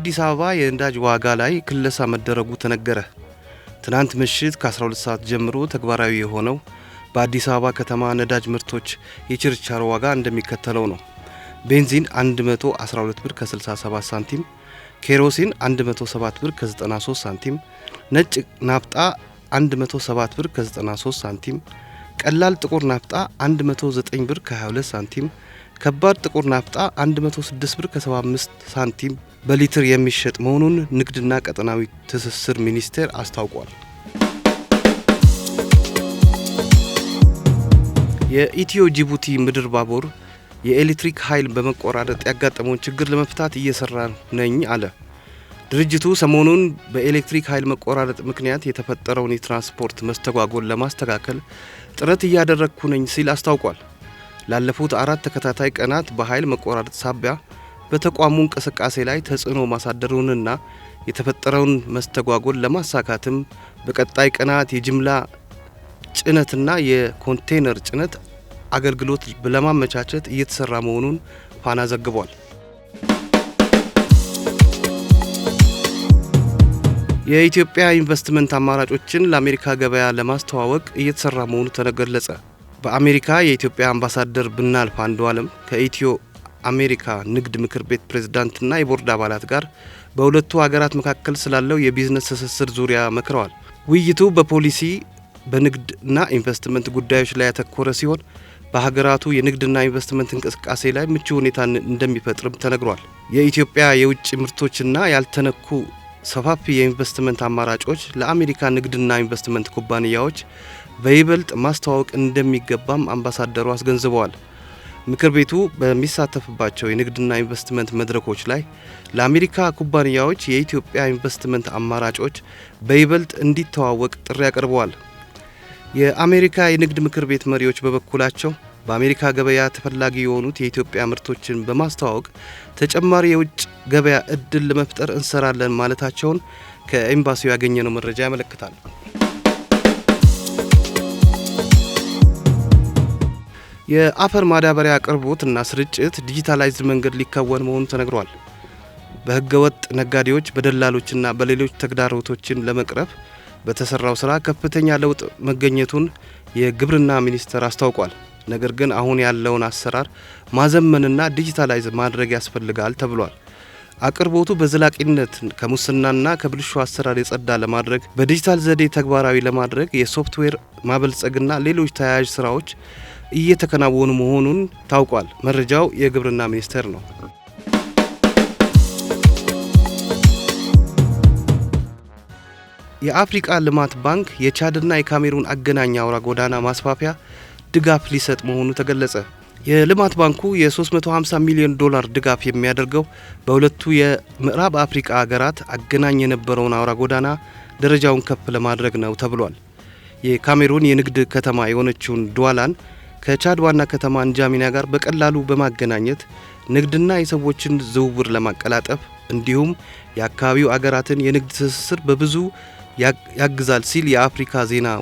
በአዲስ አበባ የነዳጅ ዋጋ ላይ ክለሳ መደረጉ ተነገረ። ትናንት ምሽት ከ12 ሰዓት ጀምሮ ተግባራዊ የሆነው በአዲስ አበባ ከተማ ነዳጅ ምርቶች የችርቻሮ ዋጋ እንደሚከተለው ነው። ቤንዚን 112 ብር ከ67 ሳንቲም፣ ኬሮሲን 107 ብር ከ93 ሳንቲም፣ ነጭ ናፍጣ 107 ብር ከ93 ሳንቲም፣ ቀላል ጥቁር ናፍጣ 109 ብር ከ22 ሳንቲም፣ ከባድ ጥቁር ናፍጣ 106 ብር ከ75 ሳንቲም በሊትር የሚሸጥ መሆኑን ንግድና ቀጠናዊ ትስስር ሚኒስቴር አስታውቋል። የኢትዮ ጅቡቲ ምድር ባቡር የኤሌክትሪክ ኃይል በመቆራረጥ ያጋጠመውን ችግር ለመፍታት እየሰራ ነኝ አለ። ድርጅቱ ሰሞኑን በኤሌክትሪክ ኃይል መቆራረጥ ምክንያት የተፈጠረውን የትራንስፖርት መስተጓጎል ለማስተካከል ጥረት እያደረግኩ ነኝ ሲል አስታውቋል። ላለፉት አራት ተከታታይ ቀናት በኃይል መቆራረጥ ሳቢያ በተቋሙ እንቅስቃሴ ላይ ተጽዕኖ ማሳደሩንና የተፈጠረውን መስተጓጎል ለማሳካትም በቀጣይ ቀናት የጅምላ ጭነትና የኮንቴነር ጭነት አገልግሎት ለማመቻቸት እየተሰራ መሆኑን ፋና ዘግቧል። የኢትዮጵያ ኢንቨስትመንት አማራጮችን ለአሜሪካ ገበያ ለማስተዋወቅ እየተሰራ መሆኑ ተገለጸ። በአሜሪካ የኢትዮጵያ አምባሳደር ብናልፍ አንዱ አለም ከኢትዮ አሜሪካ ንግድ ምክር ቤት ፕሬዝዳንትና የቦርድ አባላት ጋር በሁለቱ ሀገራት መካከል ስላለው የቢዝነስ ትስስር ዙሪያ መክረዋል። ውይይቱ በፖሊሲ በንግድና ኢንቨስትመንት ጉዳዮች ላይ ያተኮረ ሲሆን በሀገራቱ የንግድና ኢንቨስትመንት እንቅስቃሴ ላይ ምቹ ሁኔታን እንደሚፈጥርም ተነግሯል። የኢትዮጵያ የውጭ ምርቶችና ያልተነኩ ሰፋፊ የኢንቨስትመንት አማራጮች ለአሜሪካ ንግድና ኢንቨስትመንት ኩባንያዎች በይበልጥ ማስተዋወቅ እንደሚገባም አምባሳደሩ አስገንዝበዋል። ምክር ቤቱ በሚሳተፍባቸው የንግድና ኢንቨስትመንት መድረኮች ላይ ለአሜሪካ ኩባንያዎች የኢትዮጵያ ኢንቨስትመንት አማራጮች በይበልጥ እንዲተዋወቅ ጥሪ አቅርበዋል። የአሜሪካ የንግድ ምክር ቤት መሪዎች በበኩላቸው በአሜሪካ ገበያ ተፈላጊ የሆኑት የኢትዮጵያ ምርቶችን በማስተዋወቅ ተጨማሪ የውጭ ገበያ እድል ለመፍጠር እንሰራለን ማለታቸውን ከኤምባሲው ያገኘነው መረጃ ያመለክታል። የአፈር ማዳበሪያ አቅርቦት እና ስርጭት ዲጂታላይዝድ መንገድ ሊከወን መሆኑ ተነግሯል። በህገወጥ ነጋዴዎች በደላሎችና በሌሎች ተግዳሮቶችን ለመቅረፍ በተሰራው ስራ ከፍተኛ ለውጥ መገኘቱን የግብርና ሚኒስቴር አስታውቋል። ነገር ግን አሁን ያለውን አሰራር ማዘመንና ዲጂታላይዝ ማድረግ ያስፈልጋል ተብሏል። አቅርቦቱ በዘላቂነት ከሙስናና ከብልሹ አሰራር የጸዳ ለማድረግ በዲጂታል ዘዴ ተግባራዊ ለማድረግ የሶፍትዌር ማበልጸግና ሌሎች ተያያዥ ስራዎች እየተከናወኑ መሆኑን ታውቋል። መረጃው የግብርና ሚኒስቴር ነው። የአፍሪቃ ልማት ባንክ የቻድና የካሜሩን አገናኝ አውራ ጎዳና ማስፋፊያ ድጋፍ ሊሰጥ መሆኑ ተገለጸ። የልማት ባንኩ የ350 ሚሊዮን ዶላር ድጋፍ የሚያደርገው በሁለቱ የምዕራብ አፍሪካ ሀገራት አገናኝ የነበረውን አውራ ጎዳና ደረጃውን ከፍ ለማድረግ ነው ተብሏል። የካሜሩን የንግድ ከተማ የሆነችውን ዱዋላን ከቻድ ዋና ከተማ እንጃሚና ጋር በቀላሉ በማገናኘት ንግድና የሰዎችን ዝውውር ለማቀላጠፍ እንዲሁም የአካባቢው አገራትን የንግድ ትስስር በብዙ ያግዛል ሲል የአፍሪካ ዜና